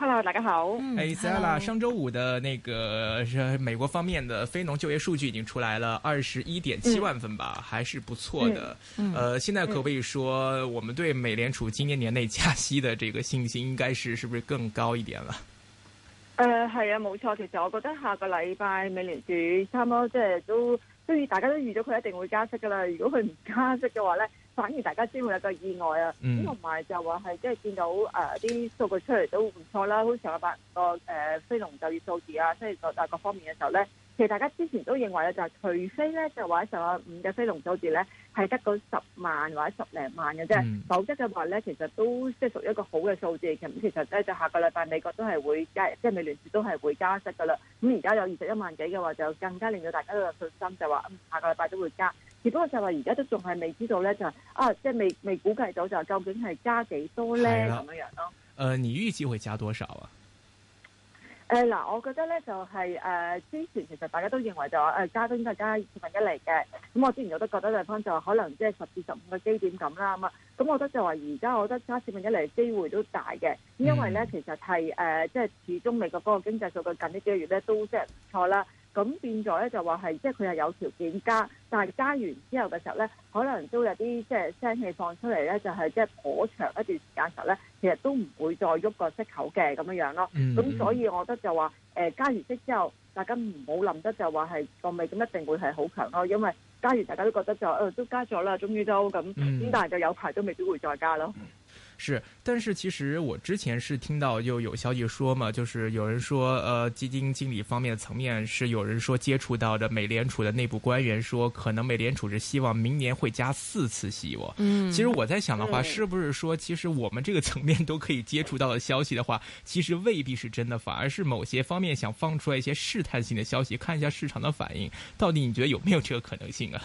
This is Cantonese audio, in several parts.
hello，大家好。誒、嗯，Stella、hey, 上周五的那個、呃、美國方面的非農就業數據已經出來了，二十一點七萬份吧，嗯，還是不錯的，嗯。呃，現在可不可以說，嗯，我們對美聯儲今年年內加息的這個信心，應該是是不是更高一點了？呃係啊，冇錯。其實我覺得下個禮拜美聯儲差唔多即係都都，大家都預咗佢一定會加息噶啦。如果佢唔加息嘅話咧，反而大家先會有個意外啊！咁同埋就話係即係見到誒啲、呃、數據出嚟都唔錯啦，好似有八個、呃、非農就業數字啊，即係各大各方面嘅時候咧。其實大家之前都認為咧，就係、是、除非咧，就話十五嘅非農數字咧係得嗰十萬或者十零萬嘅啫、嗯，否則嘅話咧，其實都即係屬於一個好嘅數字。咁其實咧，就下個禮拜美國都係會加，即係美聯儲都係會加息噶啦。咁而家有二十一萬幾嘅話，就更加令到大家都有信心，就話、是、下個禮拜都會加。只不過就話而家都仲係未知道咧，就啊，即係未未估計到就是究竟係加幾多咧咁樣樣咯。呃，你預計會加多少啊？誒、呃、嗱，我覺得咧就係、是、誒、呃、之前其實大家都認為就話誒加都應該加四分一嚟嘅，咁我之前我都覺得對方就話可能即係十至十五個基點咁啦，咁啊，咁我覺得就話而家我覺得加四分一嚟機會都大嘅，因為咧其實係誒即係始終美國嗰個經濟數據近呢幾個月呢都即係唔錯啦。咁變咗咧，就話係即係佢係有條件加，但係加完之後嘅時候咧，可能都有啲即係聲氣放出嚟咧，就係即係頗長一段時間時候咧，其實都唔會再喐個息口嘅咁樣囉。咯。咁、嗯嗯、所以我覺得就話、呃、加完息之後，大家唔好諗得就話係個味咁一定會係好強咯，因為加完大家都覺得就、呃、都加咗啦，終於都咁咁、嗯嗯，但係就有排都未必會再加咯。是，但是其實我之前是聽到就有消息說嘛，就是有人說，呃，基金經理方面的層面是有人說接觸到的美聯儲的內部官員說，可能美聯儲是希望明年會加四次息哦。嗯，其實我在想的話，是，是不是說，其實我們這個層面都可以接觸到的消息的話，其實未必是真的，反而是某些方面想放出來一些試探性的消息，看一下市場的反應，到底你覺得有沒有這個可能性啊？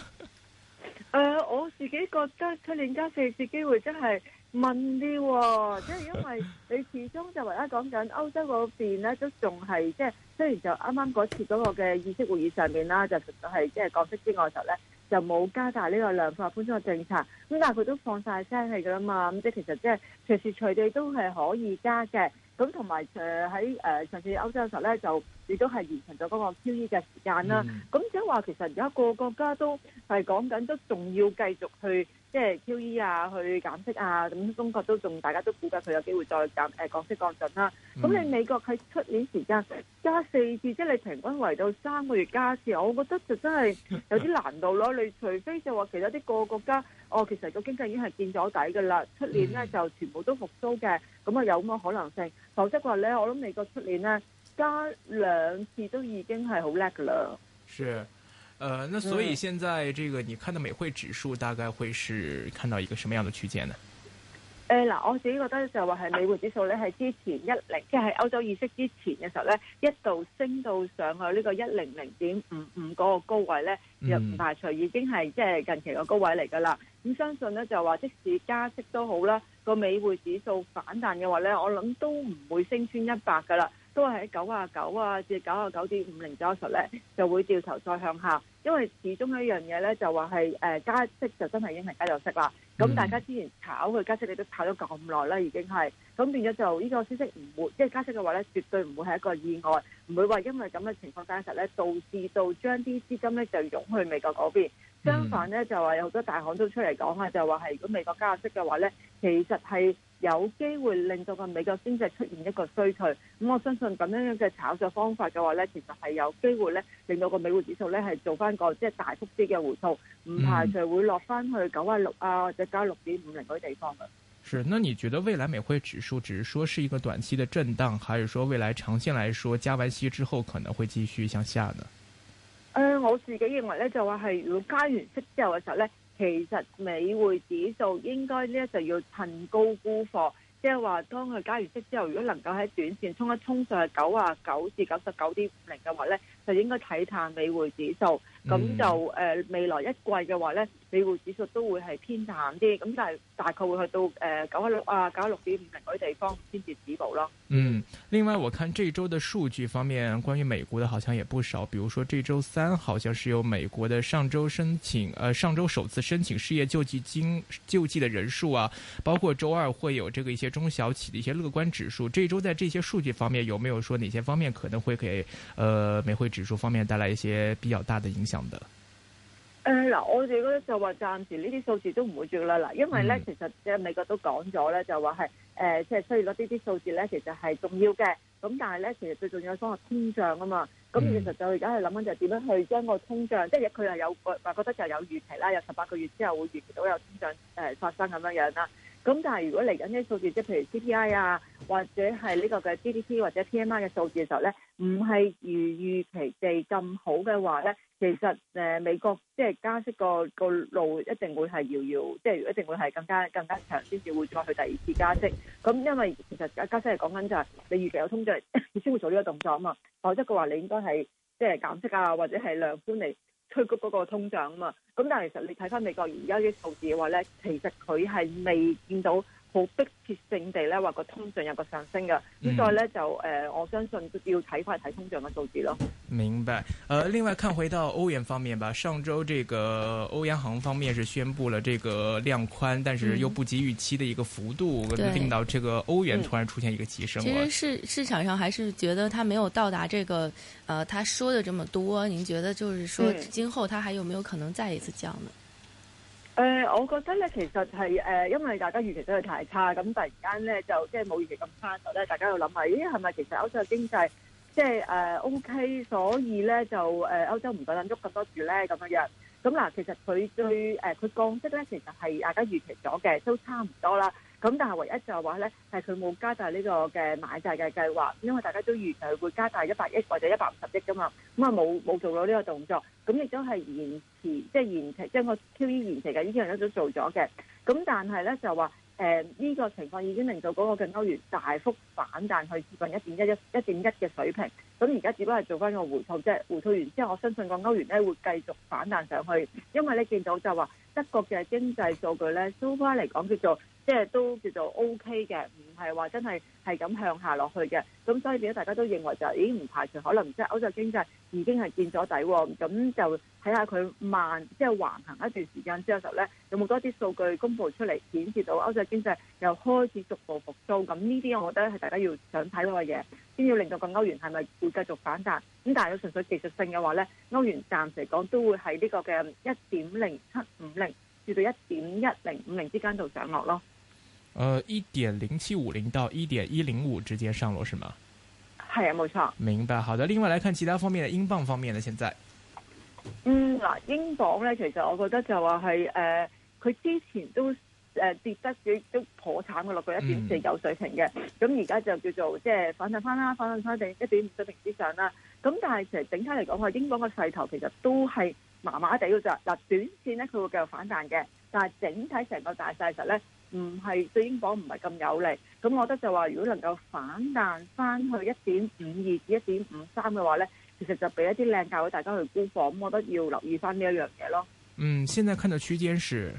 呃，我自己覺得出年加四次機會真、就、係、是。問啲即係因為你始終就唯一講緊歐洲嗰邊咧，都仲係即係雖然就啱啱嗰次嗰個嘅議息會議上面啦，就實係即係減息之外嘅時候咧，就冇加大呢個量化寬鬆嘅政策咁。但係佢都放曬聲氣㗎嘛咁，即係其實即係隨時隨地都係可以加嘅咁，同埋誒喺誒上次歐洲嘅時候咧，就亦都係延長咗嗰個 QE 嘅時間啦。咁即係話其實而家個個國家都係講緊都仲要繼續去。即係 QE 啊，去減息啊，咁中國都仲大家都估計佢有機會再減誒、呃、降息降準啦。咁、嗯、你美國喺出年時間加四次，即係你平均維到三個月加一次，我覺得就真係有啲難度咯。 你除非就話其他啲個國家，哦，其實個經濟已經係見咗底㗎啦，出年咧就全部都復甦嘅，咁啊有咁嘅可能性。否則嘅話咧，我諗美國出年咧加兩次都已經係好叻嘅啦。呃，那所以現在這個你看到美匯指數大概會是看到一個什麼樣的區間呢？誒、嗯、嗱、呃，我自己覺得就係話係美匯指數咧，係之前一零、啊，即係歐洲議息之前嘅時候咧，一度升到上去呢個一零零點五五個高位咧、嗯，又唔排除已經係即係近期嘅高位嚟噶啦。咁相信呢，就係話即使加息都好啦，個美匯指數反彈嘅話咧，我諗都唔會升穿一百噶啦。都係九啊九啊，至九啊九點五零左右時候咧，就會掉頭再向下。因為始終一樣嘢咧，就話係誒加息就真係已經係加咗息啦。咁大家之前炒佢加息，你都炒咗咁耐啦，已經係咁變咗就呢個消息唔會，即係加息嘅話咧，絕對唔會係一個意外，唔會話因為咁嘅情況底下實咧，導致到將啲資金咧就湧去美國嗰邊。相反咧，就話有好多大行都出嚟講啊，就話係如果美國加息嘅話咧，其實係，有機會令到個美國經濟出現一個衰退，咁我相信咁樣樣嘅炒作方法嘅話咧，其實係有機會咧，令到個美匯指數咧係做翻個即係大幅啲嘅回吐，唔排除會落翻去九啊六啊或者加六點五零嗰啲地方嘅。是，那你覺得未來美匯指數只是說是一個短期嘅震盪，還是說未來長線嚟說加完息之後可能會繼續向下呢？誒、呃，我自己認為咧，就話係如果加完息之後嘅時候咧。其實美匯指數應該呢就要趁高沽貨，即係話當佢加完息之後，如果能夠喺短線衝一衝上去九啊九至九十九點五零嘅話呢。就應該睇淡美匯指數，咁就誒、呃、未來一季嘅話呢，美匯指數都會係偏淡啲，咁但係大概會去到誒九十六啊，九十六點五零嗰啲地方先至止步咯。嗯，另外我看這周的數據方面，關於美國的好像也不少，比如說這周三好像是由美國的上週申請，呃上週首次申請失業救濟金救濟的人數啊，包括周二會有這個一些中小企的一些樂觀指數。這周在這些數據方面，有沒有說哪些方面可能會給呃美匯指數方面帶來一些比較大的影響的。誒、呃、嗱，我哋覺得就話暫時呢啲數字都唔會轉啦，嗱，因為咧、嗯、其實即係美國都講咗咧，就話係誒即係出現咗呢啲數字咧，其實係重要嘅。咁但係咧，其實最重要嘅方係通脹啊嘛，咁、嗯、其實就而家係諗緊就點樣去將個通脹，嗯、即係佢係有個話覺得就有預期啦，有十八個月之後會預期到有通脹誒、呃、發生咁樣樣啦。咁但係如果嚟緊啲數字，即係譬如 CPI 啊，或者係呢個嘅 GDP 或者 PMI 嘅數字嘅時候咧，唔係如預期地咁好嘅話咧，其實誒美國即係加息個個路一定會係遙遙，即係一定會係更加更加長，先至會再去第二次加息。咁因為其實加息係講緊就係你預期有通脹，你先會做呢個動作啊嘛，否則嘅話你應該係即係減息啊，或者係量寬嚟。推高嗰個通脹啊嘛，咁但係其實你睇翻美國而家啲數字嘅話咧，其實佢係未見到好迫切性地咧，話個通脹有個上升嘅，咁所以咧就誒、嗯呃，我相信就要睇返睇通脹嘅數字咯。明白。呃，另外看回到歐元方面吧，上周這個歐央行方面是宣布了這個量寬，但是又不及預期的一個幅度，嗯、令到這個歐元突然出現一個急升了、嗯嗯。其實市市場上還是覺得它沒有到達這個，呃，他說的這麼多。您覺得就是說，今後它還有沒有可能再一次降呢？嗯誒，我覺得咧，其實係誒，因為大家預期真係太差，咁突然間咧，就即係冇預期咁差，就咧，大家又諗下，咦，係咪其實歐洲經濟即係誒 OK，所以咧就誒歐洲唔夠膽喐咁多住咧，咁樣樣。咁嗱，其實佢對誒佢降息咧，其實係大家預期咗嘅，都差唔多啦。咁但係唯一就係話咧，係佢冇加大呢個嘅買債嘅計劃，因為大家都預計佢會加大一百億或者一百五十億噶嘛，咁啊冇冇做到呢個動作，咁亦都係延遲，即係延遲，即係個 QE 延遲嘅呢樣都做咗嘅，咁但係咧就話誒呢個情況已經令到嗰個嘅歐元大幅反彈去接近一點一一一點一嘅水平。咁而家只不過係做翻個回吐，即係回吐完之後，我相信個歐元咧會繼續反彈上去，因為咧見到就話德國嘅經濟數據咧 overall 嚟講叫做即係都叫做 O K 嘅，唔係話真係係咁向下落去嘅。咁所以而家大家都認為就已經唔排除可能即係歐洲經濟已經係見咗底，咁就睇下佢慢即係橫行一段時間之後就咧，有冇多啲數據公布出嚟，顯示到歐洲經濟又開始逐步復甦。咁呢啲我覺得係大家要想睇到嘅嘢。先要令到個歐元係咪會繼續反彈？咁但係佢純粹技術性嘅話咧，歐元暫時嚟講都會喺呢個嘅一點零七五零至到一點一零五零之間度上落咯。誒、呃，一點零七五零到一點一零五之間上落是嗎？係啊，冇錯。明白，好的。另外嚟看其他方面嘅英鎊方面呢，現在，嗯嗱，英鎊咧，其實我覺得就話係佢、呃、之前都。誒跌得佢都破產嘅落去一點四九水平嘅，咁而家就叫做即係反彈翻啦，反彈翻定一點五水平之上啦。咁但係其實整體嚟講，話英鎊嘅勢頭其實都係麻麻地嘅咋。嗱，短線咧，佢會繼續反彈嘅，但係整體成個大勢實咧唔係對英鎊唔係咁有利。咁我覺得就話如果能夠反彈翻去一點五二至一點五三嘅話咧，其實就俾一啲靚價畀大家去沽貨。咁我覺得要留意翻呢一樣嘢咯。嗯，現在看到區間是。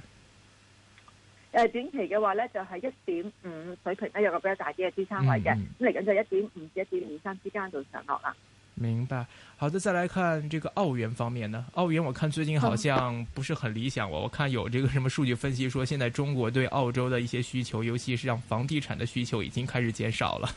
呃短期嘅話呢，就係一點五水平咧，有個比較大啲嘅支撐位嘅，咁嚟緊就一點五至一點五三之間就上落啦。明白，好的，再來看這個澳元方面呢？澳元，我看最近好像不是很理想，我、嗯、我看有這個什麼數據分析說，現在中國對澳洲的一些需求，尤其是讓房地產的需求，已經開始減少了。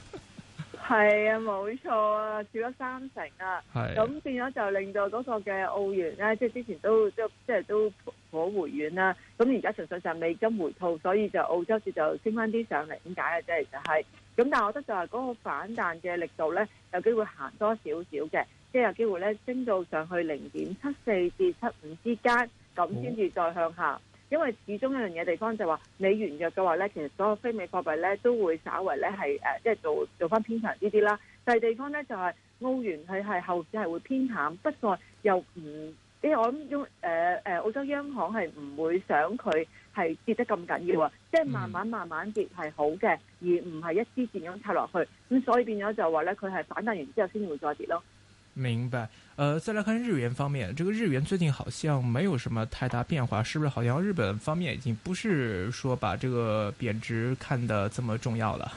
係啊，冇錯啊，少咗三成啊。咁變咗就令到嗰個嘅澳元咧，即係之前都即都即係都可回軟啦、啊。咁而家純粹就美金回吐，所以就澳洲市就升翻啲上嚟。點解嘅啫？就係咁。但係我覺得就係嗰個反彈嘅力度咧，有機會行多少少嘅，即係有機會咧升到上去零點七四至七五之間，咁先至再向下。哦因為始終一樣嘢地方就話美元弱嘅話咧，其實所有非美貨幣咧都會稍為咧係誒，即、呃、係、就是、做做翻偏強呢啲啦。第二地方咧就係、是、澳元它是，佢係後市係會偏淡，不過又唔，即、欸、我諗央誒誒澳洲央行係唔會想佢係跌得咁緊要啊，即、就、係、是、慢慢慢慢跌係好嘅，而唔係一支箭咁插落去。咁、嗯、所以變咗就話咧，佢係反彈完之後先會再跌咯。明白，呃，再來看日元方面，這個日元最近好像沒有什麼太大變化，是不是？好像日本方面已經不是說把這個貶值看得這麼重要了。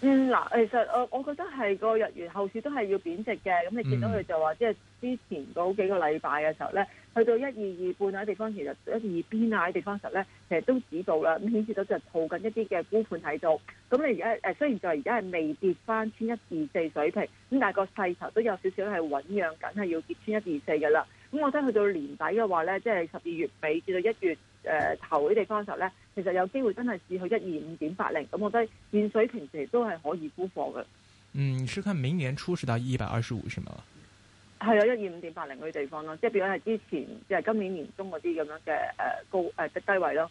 嗯，嗱，其實我我覺得係個日元後續都係要貶值嘅，咁你見到佢就話即係之前嗰幾個禮拜嘅時候咧。去到一二二半啊，啲地，地方其實一二邊啊，啲地方時候咧，其實都指到啦，咁顯示到就係套緊一啲嘅沽盤喺度。咁你而家誒，雖然就係而家係未跌返穿一二四水平，咁但係個勢頭都有少少係醞釀緊，係要跌穿一二四嘅啦。咁我覺得去到年底嘅話咧，即係十二月尾至到一月誒頭嗰啲地方時候咧，其實有機會真係至去一二五點八零。咁我覺得現水平其實都係可以沽貨嘅。嗯，你試看明年初始到一百二十五，係咪？係啊，一二五點八零嗰啲地方咯，即係變咗係之前，即係今年年中嗰啲咁樣嘅誒高誒低低位咯。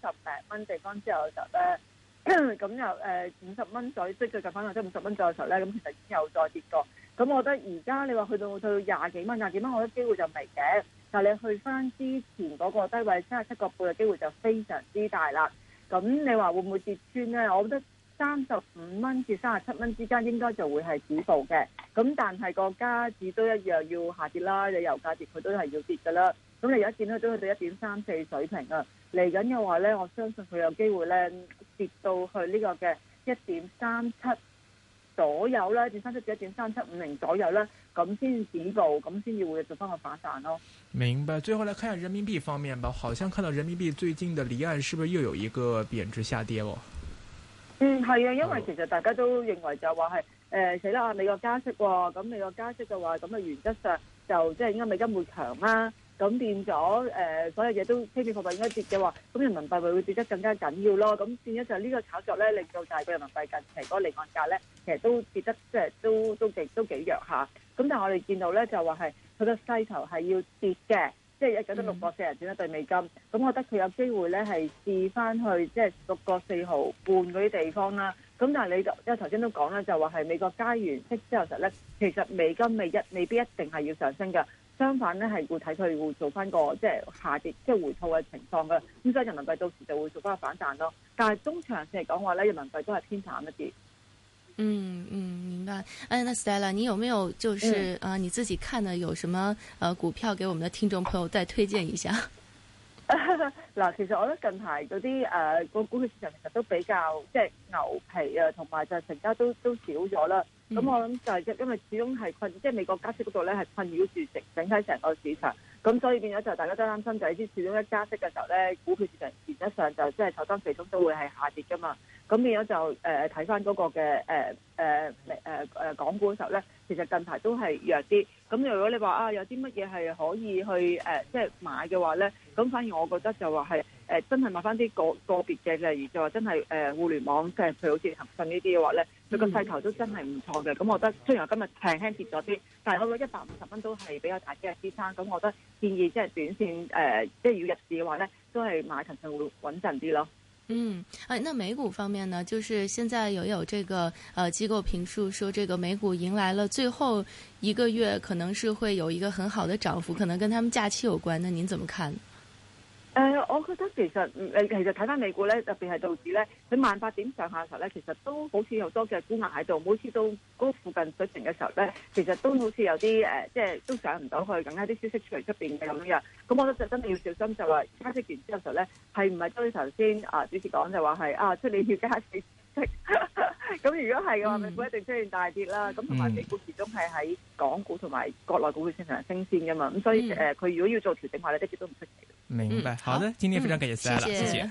十零蚊地方之後就咧，咁又誒五十蚊左，即最近翻嚟即五十蚊左右、就是、左右時候咧，咁其實已經有再跌過。咁我覺得而家你話去到去到廿幾蚊、廿幾蚊，我覺得機會就未嘅。但係你去翻之前嗰個低位三十七個半嘅機會就非常之大啦。咁你話會唔會跌穿咧？我覺得三十五蚊至三十七蚊之間應該就會係止步嘅。咁但係個價指都一樣要下跌啦，旅遊價跌佢都係要跌㗎啦。咁你而家見到都去到一點三四水平啊！嚟緊嘅話咧，我相信佢有機會咧跌到去呢個嘅一點三七左右咧，點三七至一點三七五零左右啦。咁先止步，咁先至會做翻個反彈咯。明白。最後嚟睇下人民幣方面吧。好像看到人民幣最近的離岸是不是又有一個貶值下跌喎？嗯，係啊，因為其實大家都認為就係話係誒死啦，美國加息喎、哦，咁美國加息就話咁啊，原則上就即係、就是、應該美金會強啦、啊。咁變咗，誒，所有嘢都非美貨幣應該跌嘅話，咁人民幣咪會跌得更加緊要咯？咁變咗就係呢個炒作咧，令到大係個人民幣近期嗰離岸價咧，其實都跌得即係都都，都幾都幾弱下。咁但係我哋見到咧就話係佢個勢頭係要跌嘅，即係一九得六個四人轉一對美金。咁我覺得佢有機會咧係試翻去即係六個四毫半嗰啲地方啦。咁但係你因為頭先都講啦，就話係美國加完息之後實咧，其實美金未一未必一定係要上升㗎。相反咧，係會睇佢會做翻個即係下跌，即係回吐嘅情況嘅。咁所以人民幣到時就會做翻個反彈咯。但係中長線嚟講話咧，人民幣都係偏強一啲。嗯嗯，明白。誒、哎，那 Stella，你有沒有就是、嗯、啊，你自己看嘅有什麼呃、啊、股票，給我們的聽眾朋友再推薦一下？嗱， 其實我覺得近排嗰啲誒個股票市場其實都比較即係、就是、牛皮啊，同埋就成交都都少咗啦。咁、嗯、我諗就係因為始終係困，即、就、係、是、美國加息嗰度咧，係困擾住整體成個市場。咁所以變咗就大家都擔心就係知，始終一加息嘅時候咧，股票市場原則上就即係首當其衝都會係下跌噶嘛。咁變咗就睇翻嗰個嘅誒誒港股嘅時候咧，其實近排都係弱啲。咁如果你話啊有啲乜嘢係可以去即係、呃即係、買嘅話咧，咁反而我覺得就話係。誒真係買翻啲個個別嘅例如就、呃、話真係誒互聯網嘅，譬如好似騰訊呢啲嘅話咧，佢個勢頭都真係唔錯嘅。咁、嗯、我覺得雖然今日平輕跌咗啲，但係我覺得一百五十蚊都係比較大啲嘅支撐。咁我覺得建議即係短線誒、呃，即係要入市嘅話咧，都係買騰訊會穩陣啲咯。嗯，誒、哎，那美股方面呢？就是現在又有，有這個呃機構評述，說這個美股迎來了最後一個月，可能是會有一個很好的漲幅，可能跟他們假期有關。那您怎麼看？誒、呃，我覺得其實誒，其實睇返美股咧，特別係道指咧，佢萬八點上下嘅時候咧，其實都好似有多隻沽壓喺度，每次到、嗰個、附近水平嘅時候咧，其實都好似有啲誒，即、呃、係、就是、都上唔到去，咁啱啲消息出嚟出邊嘅咁樣，咁我覺得就真係要小心就說，就話加息完之後咧，係唔係都好似頭先啊，主持講就話係啊，出年要加息。咁 如果係嘅話，美、嗯、股一定出現大跌啦。咁同埋美股始終係喺港股同埋國內股會先上升先噶嘛。咁所以誒，佢、嗯呃、如果要做調整嘅話咧，一啲都唔出奇。明白，好的，今天非常感謝 Sir，謝謝。謝謝。